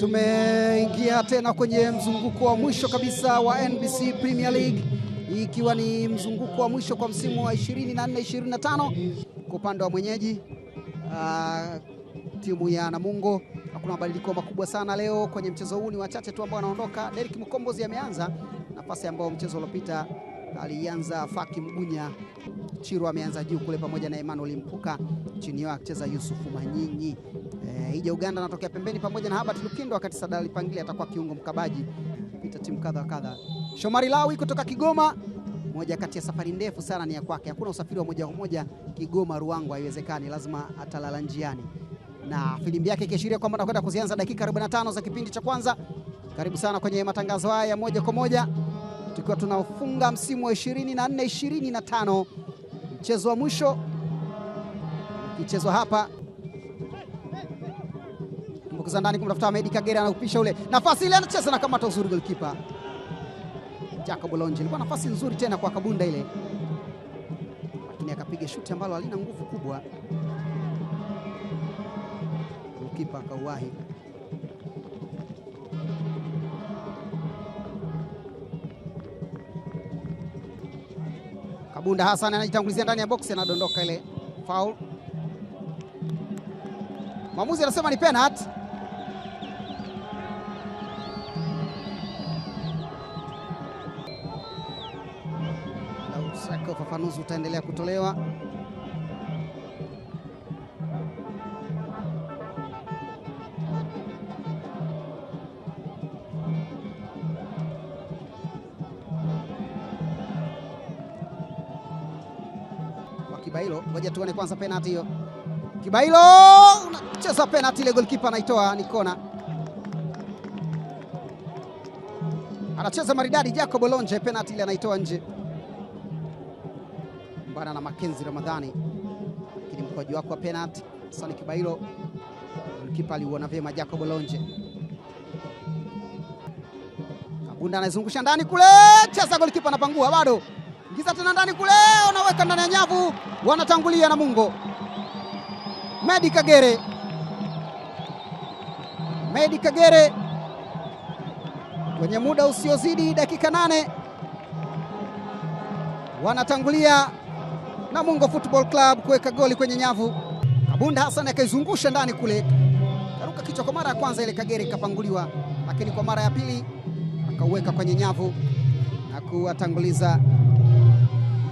Tumeingia tena kwenye mzunguko wa mwisho kabisa wa NBC Premier League, ikiwa ni mzunguko wa mwisho kwa msimu wa 24 25 kwa upande wa mwenyeji uh, timu ya Namungo. Hakuna mabadiliko makubwa sana leo kwenye mchezo huu, ni wachache tu ambao wanaondoka. Derrick Mkombozi ameanza nafasi ambayo mchezo uliopita alianza Faki Mgunya. Chiro ameanza juu kule pamoja na Emmanuel Mpuka, chini yao akicheza Yusufu Manyinyi. E, eh, Ija Uganda anatokea pembeni pamoja na Habert Lukindo, wakati Sadali Pangile atakuwa kiungo mkabaji kupita timu kadha wa kadha. Shomari Lawi kutoka Kigoma, moja kati ya safari ndefu sana ni ya kwake. Hakuna usafiri wa moja kwa moja Kigoma Ruangwa, haiwezekani, lazima atalala njiani, na filimbi yake ikiashiria kwamba anakwenda kuzianza dakika 45 za kipindi cha kwanza. Karibu sana kwenye matangazo haya ya moja kwa moja tukiwa tunafunga msimu wa 24 25, mchezo wa mwisho ukichezwa hapa. Pokeza ndani kumtafuta Ahmed Kagere, anaupisha ule nafasi ile, anacheza na kamata uzuri goalkeeper Jacob Lonje. Ilikuwa nafasi nzuri tena kwa Kabunda ile, lakini akapiga shuti ambalo halina nguvu kubwa, goalkeeper akauwahi kabunda Hassan anajitangulizia ndani ya boksi, anadondoka ile foul. Mwamuzi anasema ni penalty. shaka ufafanuzi utaendelea kutolewa. Kibailo, ngoja tuone kwanza penalti hiyo. Kibailo unacheza penalti ile, goalkeeper anaitoa, ni kona. Anacheza maridadi Jacob Olonje, penalti ile anaitoa nje kupambana na Makenzi Ramadhani, lakini mkoaji wako wa penalti Sani Kibailo, kipa aliuona vyema Jacob Lonje. Kabunda anazungusha ndani kule, cheza golikipa anapangua, bado ingiza tena ndani kule, anaweka ndani ya nyavu, wanatangulia Mungo Medi Kagere, Medi Kagere kwenye muda usiozidi dakika nane wanatangulia na Mungo Football Club kuweka goli kwenye nyavu. Kabunda Hassan akaizungusha ndani kule, karuka kichwa kwa mara ya kwanza, ile kagere ikapanguliwa, lakini kwa mara ya pili akauweka kwenye nyavu na kuwatanguliza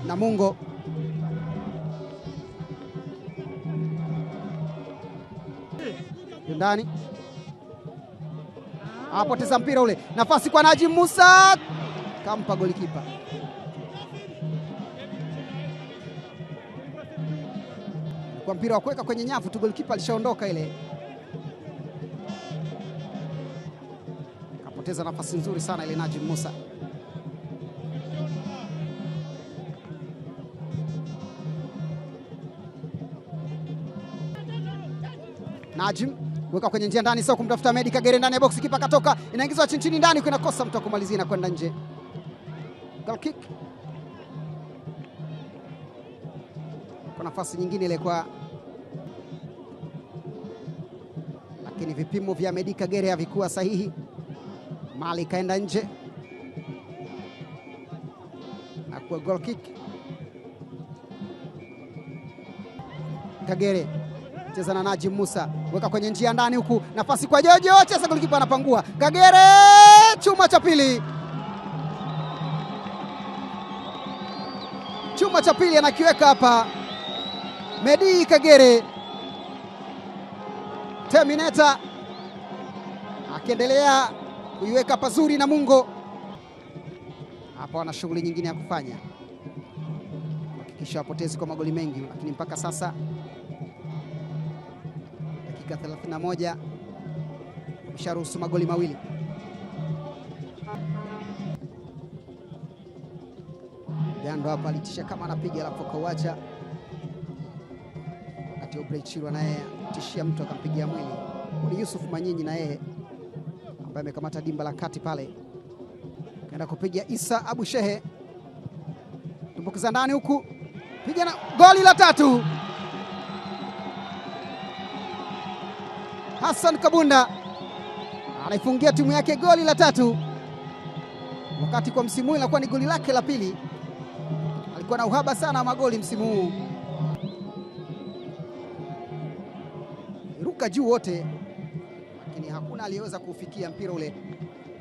Namungo. Ndani apoteza mpira ule, nafasi kwa Najim Musa, kampa golikipa. kwa mpira wa kuweka kwenye nyavu tu, golikipa alishaondoka ile, kapoteza nafasi nzuri sana ile Najim Musa. Najim weka kwenye njia ndani, sio kumtafuta Medi Kagere ndani ya box kipa katoka, inaingizwa chinchini ndani, inakosa mtu akumalizia na kwenda nje. Goal kick kwa nafasi nyingine ile kwa lakini vipimo vya Medi Kagere havikuwa sahihi. Mali kaenda nje na kwa goal kick. Kagere cheza na Najim Musa, weka kwenye njia ndani, huku nafasi kwa Jojo, cheza golikipa anapangua. Kagere chuma cha pili, chuma cha pili anakiweka hapa Medi Kagere. Terminator akiendelea kuiweka pazuri na Mungo hapo, ana shughuli nyingine ya kufanya kuhakikisha wapotezi kwa magoli mengi, lakini mpaka sasa dakika 31 amesharuhusu magoli mawili. Gando hapa alitisha kama anapiga, alafu akauacha, wakati Obrechirwa naye kumtishia mtu akampigia mwili. Ni Yusuf Manyinyi na yeye ambaye amekamata dimba la kati pale, kaenda kupiga Isa Abu Shehe, tumbukiza ndani huku, piga na goli la tatu. Hassan Kabunda anaifungia timu yake goli la tatu, wakati kwa msimu huu inakuwa ni goli lake la pili. Alikuwa na uhaba sana wa magoli msimu huu. waliruka juu wote, lakini hakuna aliyeweza kufikia mpira ule,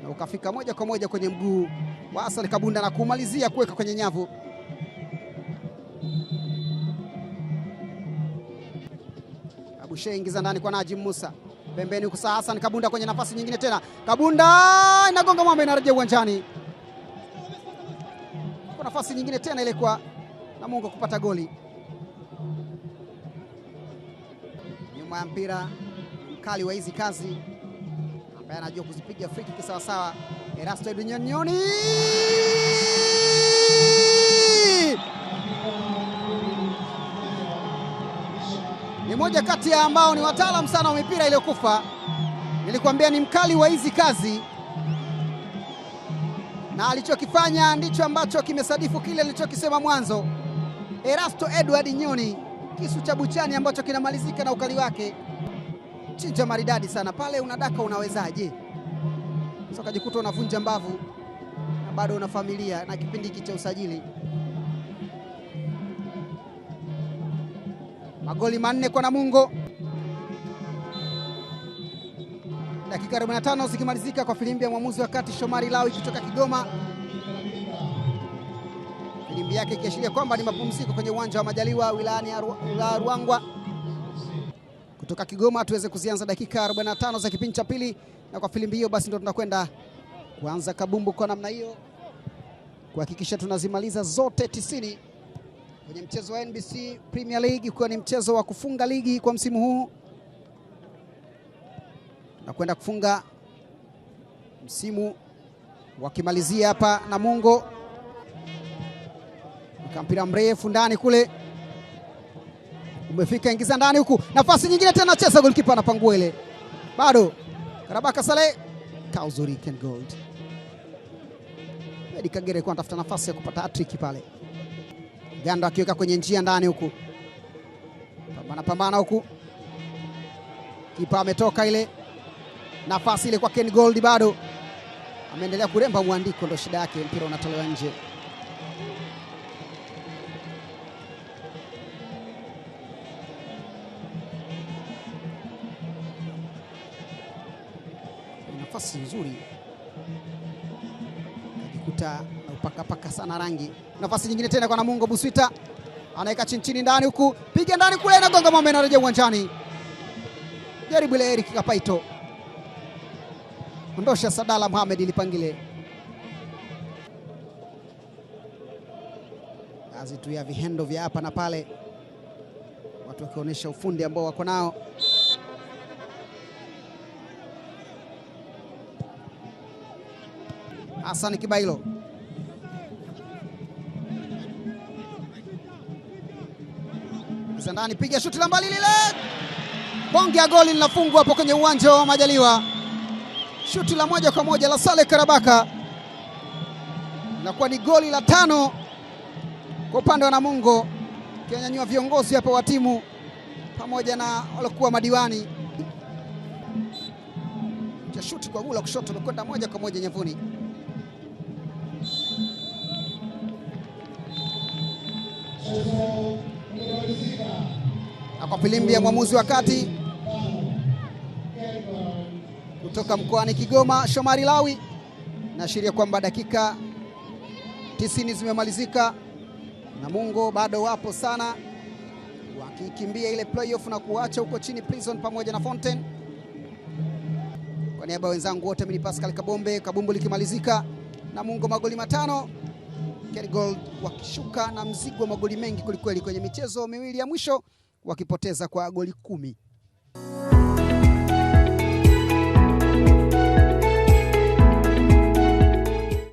na ukafika moja kwa moja kwenye mguu wa Hassan Kabunda na kumalizia kuweka kwenye nyavu. Abushe ingiza ndani kwa Najim Musa pembeni huku saa Hassan Kabunda kwenye nafasi nyingine tena, Kabunda inagonga mwamba, inarejea uwanjani kwa nafasi nyingine tena ile kwa Namungo kupata goli. ya mpira mkali wa hizi kazi ambaye anajua kuzipiga free kick sawa Erasto Edunyoni ni moja kati ya ambao ni wataalamu sana wa mipira iliyokufa. Nilikwambia ni mkali wa hizi kazi, na alichokifanya ndicho ambacho kimesadifu kile nilichokisema mwanzo. Erasto Edward Nyoni kisu cha buchani ambacho kinamalizika na ukali wake. Chinja maridadi sana pale, unadaka unawezaje? Sasa kajikuta unavunja mbavu na bado una familia na kipindi hiki cha usajili. Magoli manne kwa Namungo, dakika 45 zikimalizika kwa filimbi ya mwamuzi wa kati Shomari Lawi kutoka Kigoma kambi yake ikiashiria kwamba ni mapumziko kwenye uwanja wa Majaliwa wilayani ya Ruangwa. Kutoka Kigoma tuweze kuzianza dakika 45 za kipindi cha pili, na kwa filimbi hiyo basi ndo tunakwenda kuanza kabumbu kwa namna hiyo kuhakikisha tunazimaliza zote tisini kwenye mchezo wa NBC Premier League, ikiwa ni mchezo wa kufunga ligi kwa msimu huu na kwenda kufunga msimu wakimalizia hapa Namungo. Kampira mrefu ndani kule umefika, ingiza ndani huku, nafasi nyingine tena, cheza golikipa anapangua ile, bado Karabaka sale Kauzuri Ken Gold Medi Kagere kwa anatafuta nafasi ya kupata hatrick pale. Gando akiweka kwenye njia ndani huku, pambana pambana huku, kipa ametoka ile nafasi ile kwa Ken Gold, bado ameendelea kuremba mwandiko, ndo shida yake, mpira unatolewa nje. nafasi nzuri, akajikuta naupakapaka sana rangi. Nafasi nyingine tena kwa Namungo Buswita, anaweka chini chini, ndani huku, piga ndani kule, inagonga mwamba, inarejea uwanjani. Jaribu ile Eric Kapaito, ondosha Sadala Mohamed Lipangile, kazi tu ya vihendo vya hapa na pale, watu wakionyesha ufundi ambao wako nao. Hassan Kibailo. Zandani piga shuti la mbali lile, bonge ya goli linafungwa hapo kwenye uwanja wa Majaliwa. Shuti la moja kwa moja la Saleh Karabaka, linakuwa ni goli la tano kwa upande wa Namungo, kinyanyua viongozi hapo wa timu pamoja na waliokuwa madiwani. Cha shuti kwa gula kushoto likwenda moja kwa moja nyavuni. na kwa filimbi ya mwamuzi wa kati kutoka mkoani Kigoma, Shomari Lawi, naashiria kwamba dakika tisini zimemalizika Namungo bado wapo sana wakikimbia ile playoff na kuacha huko chini Prison pamoja na Fountain. Kwa niaba ya wenzangu wote, mimi ni Pascal Kabombe, kabumbu likimalizika Namungo magoli matano. Kergold wakishuka na mzigo wa magoli mengi kwelikweli kwenye michezo miwili ya mwisho wakipoteza kwa goli kumi.